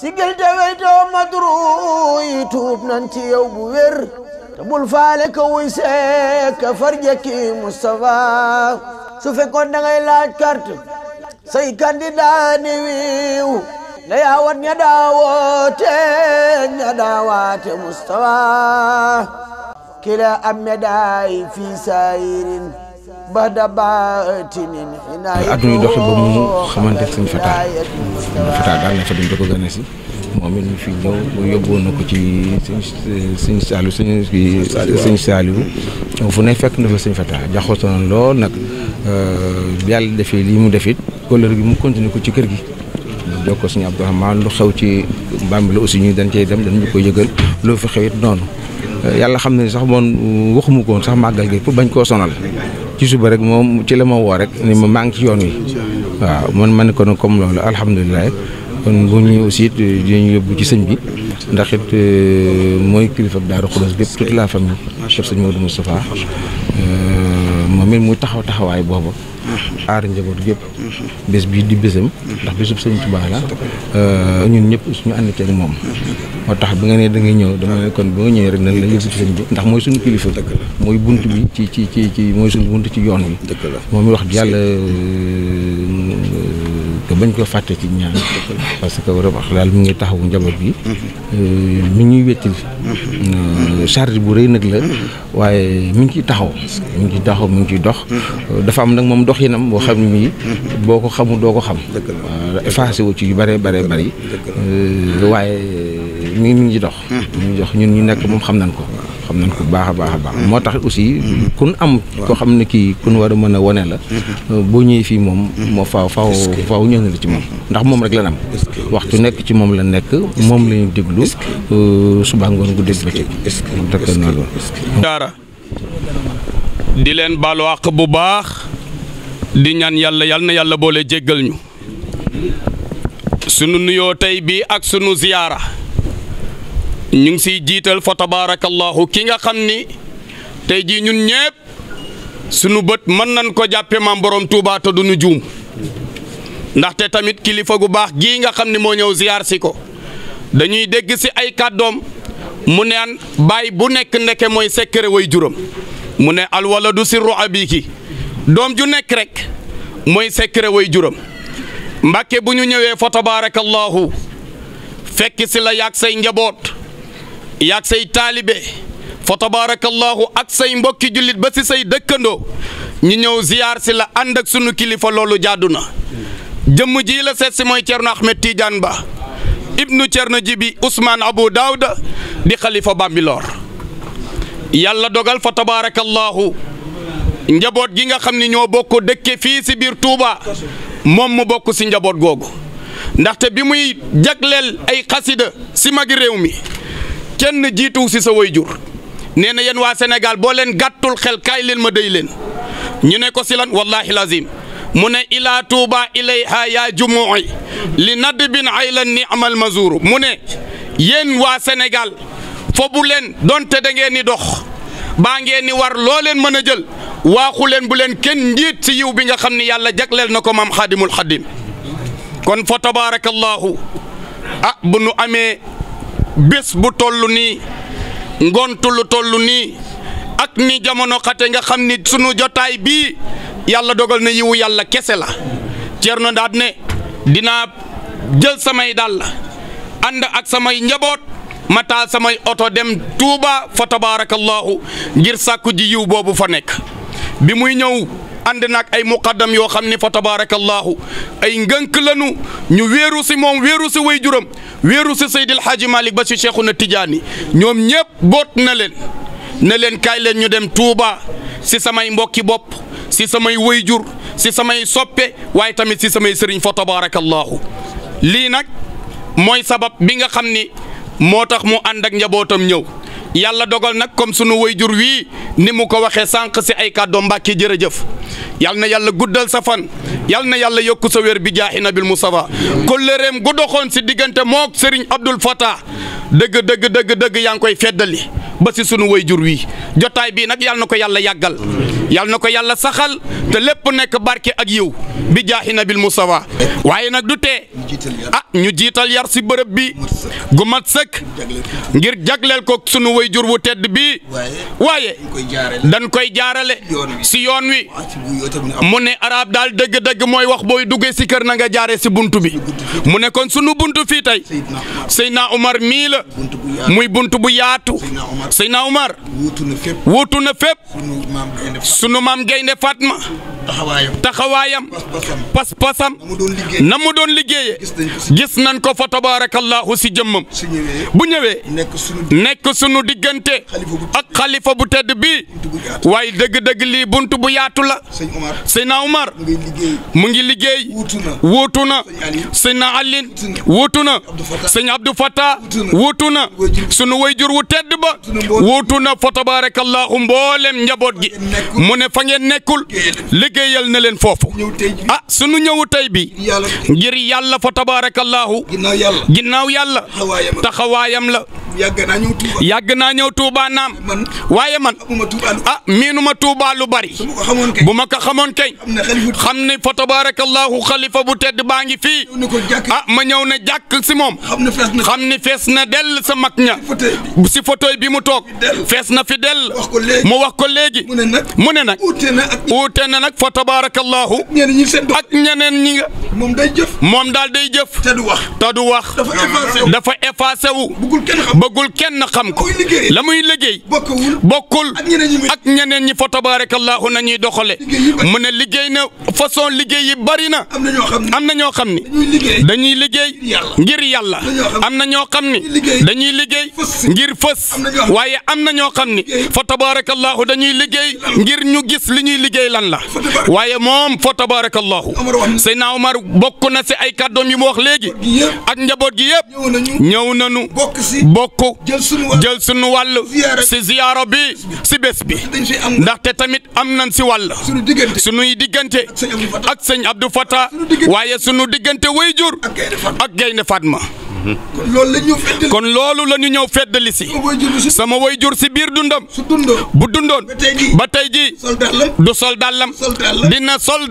sigil te weytoo madru yi tuub nan ci yow bu wér te bul faale ka wuy seek ka farjekki Moustapha su fekkoon da ngay laaj carte say candidat wiiw na yaawat ña daawoote ña daawaate Moustapha kila am adduna doxi ba mu xamante suñ fataa fataa daal na fa duñ ko gën a si moom it ñu fi ñëw yóbboon na ko ci suñ suñ saaliw suñ suñ saaliw fu ne fekk na fa suñ fataa jaxasoo na lool nag euh, yàlla defee lii mu defit kóllër gi mu continuer ko ci kër gi jokkoo suñu Abdourahmane lu xew ci mbaam la aussi ñuy dañ cay dem dañ ko yëgal loo fi xewit noonu euh, yàlla xam ne sax moom waxumu koon sax màggal gi pour bañ koo sonal ci suba rek moom ci la ma woo rek ni ma maa ngi ci yoon wi waaw man ma ne ko nag comme loolu alhamdulilah kon bu ñu aussi euh, dinañ yóbbu ci sëñ bi ndax it euh, mooy kilifa Daaru Xudoos bépp toute la famille chef sëñ Maodo Moustapha euh, moom it muy taxaw taxawaay boobu aar njaboot gépp bés bii di bésam ndax bésu sëñ Tuubaa la euh, ñun ñëpp suñu ànd ceeg moom moo tax bi nga nee da ngay ñëw dama ne kon bi nga ñëwee rek nañ la yëgsi sëñ bi ndax mooy suñu kilifa mooy bunt bi ci ci ci ci mooy suñu bunt ci yoon wi moom wax yàlla bañ koo fàtte ci ñaan parce que Roobou Akhlal mu ngi taxawu njaboot bi euh, mu ñuy wéttil euh, charge bu rëy nag la waaye mu ngi ciy taxaw mi ngi ciy taxaw mi ngi ciy dox dafa am nag moom yi nam boo xam ne mii boo ko xamul doo ko xam euh, effacé wu ci yu bare bare bari waaye mu ngi mi ngi dox hmm. mi ngi dox ñu nekk moom xam nañ ko xam nañ ko baax a baax a baax mm-hmm. moo tax aussi mm-hmm. kun am ko xam ne kii kun war a mën a wone la mm-hmm. boo ñëwee fii moom moo faaw faw faaw ñëw na la ci moom ndax moom rek la am waxtu nekk ci moom la nekk moom la ñu déglu euh, suba ngoon guddi bëccëg dëkk na loolu di leen baalu àq bu baax di ñaan yàlla yal na yàlla boole jéggal ñu sunu nuyoo tey ak sunu ziyaara ñu ngi siy jiital fa tabaarakallahu ki nga xam ni tey jii ñun ñépp sunu bët mën nañ ko jàppee maam borom Touba te duñu juum ndaxte tamit kilifa gu baax gii nga xam ne moo ñëw si ziyaar si ko dañuy dégg si ay kàddoom mu ne an baay bu nekk ndeke mooy sekkere way juróom mu ne alwaladu sirru abiki doom ju nekk rek mooy sekkere way juróom mbàkke bu ñu ñëwee fa tabarakallahu fekk si la yàgg say njaboot yaag say taalibe fa tabaarakallaahu ak say mbokki jullit ba si say dëkkandoo ñu ñëw ziyaar si la ànd ak sunu kilifa loolu jaadu na jëmm ji la seet si mooy Thierno Ahmed Tidiane Ba ibnu Thierno Jibi Ousmane Abou Daouda di xalifa Bambilor yàlla dogal fa tabaarakallaahu njaboot gi nga xam ni ñoo bokk dëkke fii si biir Touba moom mu bokk si njaboot googu ndaxte bi muy jagleel ay xasida si magi réew mi kenn jiituw si sa wayjur nee na yéen waa Sénégal boo leen gàttul xel kaay leen ma déy leen ñu ne ko si lan wallahi lazim mune ne ilaa ilayha yaa jumu'i li nadbin aylan ni'mal mazuru mu yéen waa Sénégal fobu leen donte da ngeen ni dox baa ngeen ni war loo leen mën a jël waaxu leen bu leen kenn njiit si yiw bi nga xam yàlla jagleel na ko maam xaadimul kon fa tabaarakallahu ah bu bés bu toll nii ngont lu toll nii ak ni jamono xate nga xam ni sunu jotaay bii yàlla dogal na yiwu yàlla kese la Thierno daat ne dinaa jël samay dàll ànd ak samay njaboot mataa samay oto dem Touba fa tabaarakallaahu ngir sàkku ji yiw boobu fa nekk bi muy ñëw. ànd nag ay muqaddam yoo xam ni fa tabaarakallaahu ay ngënk lanu ñu wéeru si moom wéeru si way juram wéeru si Seydil Hadji Malick ba si Cheikhuna Tidiane ñoom ñëpp boot na leen ne leen kaay leen ñu dem Touba si samay mbokki bopp si samay wayjur si samay soppe waaye tamit si samay sëriñ fa tabaarakallaahu lii nag mooy sabab bi nga xam ni moo tax mu ànd ak njabootam ñëw yalla dogal nak comme sunu wayjur wii ni mu ko waxe sànq si ay kàddoom mbàkke jërëjëf yal na yàlla guddal sa fan yal na yalla yokku sa wér bi jaaxi nabil mustafa kollereem gu doxoon si digante mook Serigne Abdul Fatah dëgg dëgg dëgg dëgg yaa koy feddali ba si sunu wayjur wii jotaay bi nak yal na ko yàlla yàggal yal na ko yàlla saxal te lépp nekk barke ak yiw bi jaaxi nabil mustafa waaye nag du tee a ah, ñu jiital yar si bërëb bi gu mat sëkk ngir jagleel ko sunu wayjur wu tedd bi waaye dañ koy jaarale si yoon wi mu ne arab daal dëgg-dëgg mooy wax booy duggee si kër nanga jaare si bunt bi mu ne kon sunu bunt fii tey Seydina Omar mii la muy buntu bu yaatu Seydina Omar wuutu na fépp sunu maam gaynde Fatma taxawaayam taxawaayam pas-pasam na mu doon liggéeye gis nañ ko fa tabarakallahu si jëmmam bu ñëwee nekk sunu diggante ak xalifa bu tedd bi waaye dëgg-dëgg lii buntu bu yaatu la Seydina Omar mu ngi liggéey wuutu na Seydina Aline wuutu na Seydina Abdou Fattah wuutu na sunu wayjur wu tedd ba wuutu na fa tabarakallahu mboolem njaboot gi mu ne fa ngeen nekkul liggéeyal na leen foofu ah sunu ñëwu tey bi ngir yàlla fa tabaarakallaahu ginnaaw yàlla taxawaayam la yàgg naa ñëw Touba. yàgg naa ñëw Touba naam. waaye man a miinu ma Touba lu bari. bu ma ko xamoon kay. xam ne fa tabarakallahu xalifa bu tedd baa ngi fii. a ah, ma ñëw na jàkk si moom. xam ne fees na dell sa mag ña. si fauteuil bi mu toog. fees na fi dell. mu wax ko léegi. mu ne nag. uute na nag fa tabarakallahu ak ñeneen ñi nga. moom day jëf. moom daal day jëf. te du te du wax. dafa effacé wu. bëggul kenn xam ko la muy liggéey bokkul ak ñeneen ñi fa tabaarakallaahu na ñuy doxale mu ne liggéey na façon liggéey yi bari na am na ñoo xam ni dañuy liggéey ngir yàlla am na ñoo xam ni dañuy liggéey ngir fës waaye am na ñoo xam ni fa tabaarakallaahu dañuy liggéey ngir ñu gis li ñuy liggéey lan la waaye moom fa tabaarakallaahu Seydina Omar bokk na si ay kàddoom yi mu wax léegi ak njaboot gi yëpp ñëw nañu bokk bokk jël sunu wàll si ziyaara bi si bés bi ndaxte tamit am nañ si wàll sunuy diggante ak sëñ Abdou Fata waaye sunu diggante wayjur ak Gaynde Fatma kon loolu la ñu kon loolu la ñu ñëw feddali si. sama way si biir dundam. su dundoon bu dundoon. ba tey jii du sol dàllam. dina sol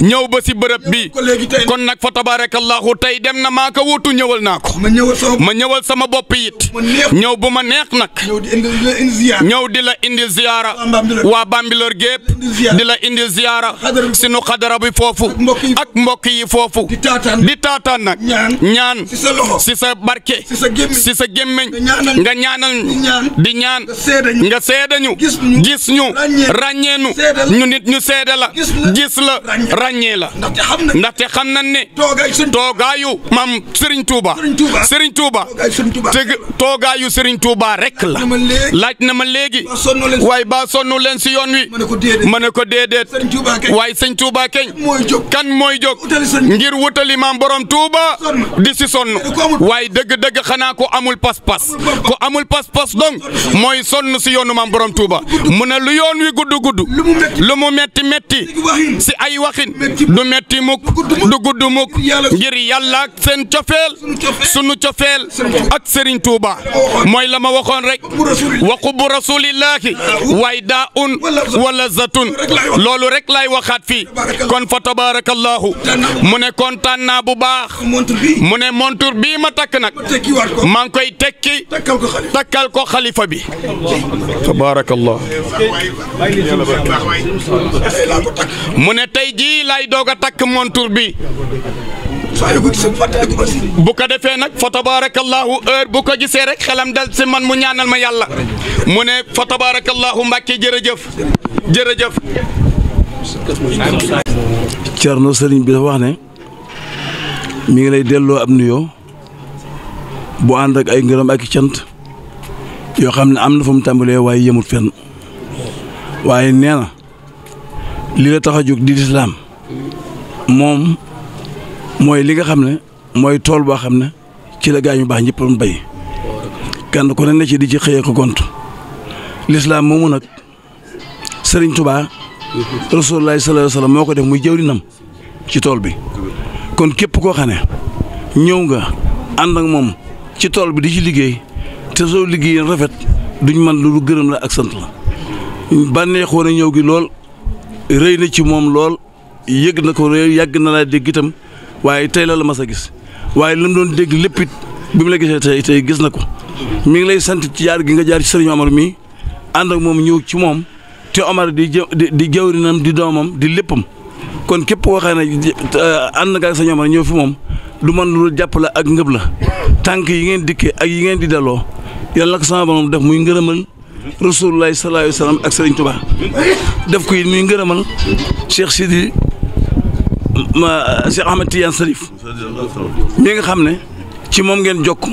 ñëw ba si bërëb bi kon nag fa tabarakallahu tey dem na maaka ko wutu ñëwal naa ko. ma ñëwal sama bopp it. ñëw bu ma neex nag. ñëw di la indil ziyaara. waa Bambilor gépp di la indil ziyaara. sinu xadara bi foofu. ak mbokk yi foofu. di taataan nag ñaan. loxo si sa barke si sa gémmiñ nga ñaanal ñu di ñaan nga seedañu gis ñu ràññee ñu ñu nit ñu seeda la gis la ràññee la ndaxte xam nañ ne toogaayu maam Serigne Touba Serigne Touba teg toogaayu Serigne Touba rek la laaj na ma léegi waaye baa sonnu leen si yoon wi ma ne ko déedéet waaye Serigne Touba keñ kan mooy jóg ngir wutali maam borom Touba di si sonn waaye dëgg-dëgg xanaa ko amul pas-pas ku amul pas-pas donc mooy sonn si yoonu maam borom Touba mu ne lu yoon wi gudd gudd lu mu metti metti si ay waxin du metti mukk du gudd mukk ngir yàlla ak seen cofeel sunu cofeel ak Serigne Touba mooy lama waxoon rek waxu bu rasulillahi waay daa un wala zatun loolu rek lay waxaat fii kon fa tabarakallahu mu ne kontaan naa baax mu ne montur bi bii ma takk nag ngi koy tekki takkal xalifa bi mu ne tey jii lay doog a takk montur bi bu ko defee nag fa tabarakallahu heure bu ko gisee rek xelam dal si man mu ñaanal ma yàlla mu ne fa tabarakallahu mbàkke jërëjëf jërëjëf Cerno bi dafa wax ne mi ngi lay delloo ab nuyoo bu ànd ak ay ngërëm ak i cant yoo xam ne am na fa mu tàmbalee waaye yëmut fenn waaye nee na li la tax a jóg di lislaam moom mooy li nga xam ne mooy tool boo xam ne ci la gaañu baax ñëpp doon kenn ku ne di ci xëyee ko gont moomu nag sëriñ tubaa rasululaahi sallallaahu alayhi wa sallam moo ko def muy jëwrinam ci tool bi kon képp koo xam ne ñëw nga ànd ak moom ci tool bi di ci liggéey te soo liggéeyee rafet duñ man lu gërëm la ak sant la bànneexoo ñëw gi lool rëy na ci moom lool yëg na ko yàgg na laa dégg itam waaye tey la la ma sa gis waaye li doon dégg lépp it bi mu la gisee te tey gis na ko mu ngi lay sant ci jaar gi nga jaar ci sa Omar mii ànd moom ñëw ci moom te Omar di di jawrinam di doomam di léppam kon képp koo ànd nga ak sëriñ Omar ñëw fi moom du man lu jàpp la ak ngëb la tànk yi ngeen dikkee ak yi ngeen di daloo yàlla nag sama borom def muy ngërëmal rasulullahi sallallahu alayhi wa sallam ak Serigne Touba def ko it muy ngërëmal Cheikh Sidi ma Cheikh Ahmed Tidiane Sarif mi nga xam ne ci moom ngeen jokk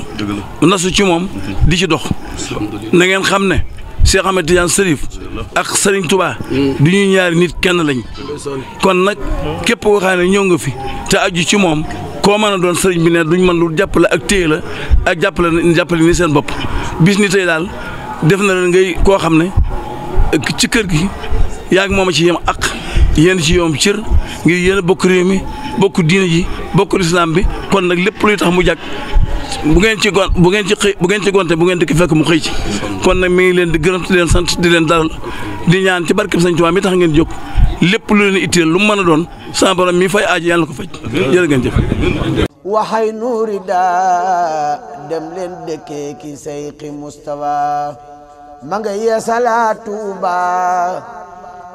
nasu ci moom di ci dox na xam ne Cheikh Ahmed Tidiane Sarif ak Serigne Touba du ñuy ñaari nit kenn lañ kon nag képp koo ñëw nga fi te aju ci moom. koo mën a doon sëriñ bi ne duñ mën lu jàppale ak téye la ak jàppale jàppale ni seen bopp bis daal def na leen ngay koo xam ne ci kër gi yaa ngi moom a ci yem ak yéen ci yoom cër ngir yéen a bokk réew mi bokk diina ji bokk lislaam bi kon nag lépp luy tax mu jàkk bu ngeen ci gon bu ngeen ci xëy bu ngeen bu ngeen dikk fekk mu xëy ci kon nag mi ngi leen di gërëm leen sant di leen dalal di ñaan ci barkeb Sëñ Tuubaa mi tax ngeen jóg lépp lu leen itteel lu mu mën doon sama mi fay aaji yàlla na ko faj jërë jëf waxay nuuri daa dem leen dëkkee ki sayqi Mustafa ma nga yeesalaa Tuuba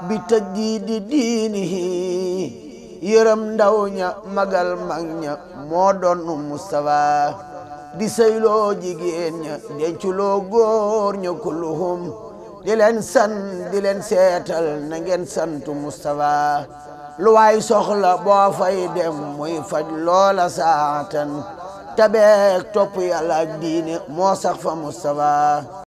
bi tajdiidi diinihi yërëm ndaw ña magal mag ña moo doon Mustafa di sayloo jigéen ña denculoo góor ña kulluhum di leen san di leen seetal na ngeen santu Moustapha lu waay soxla boo fay dem muy faj loola saatan tabeek topp yàlla ak diine moo sax fa Moustapha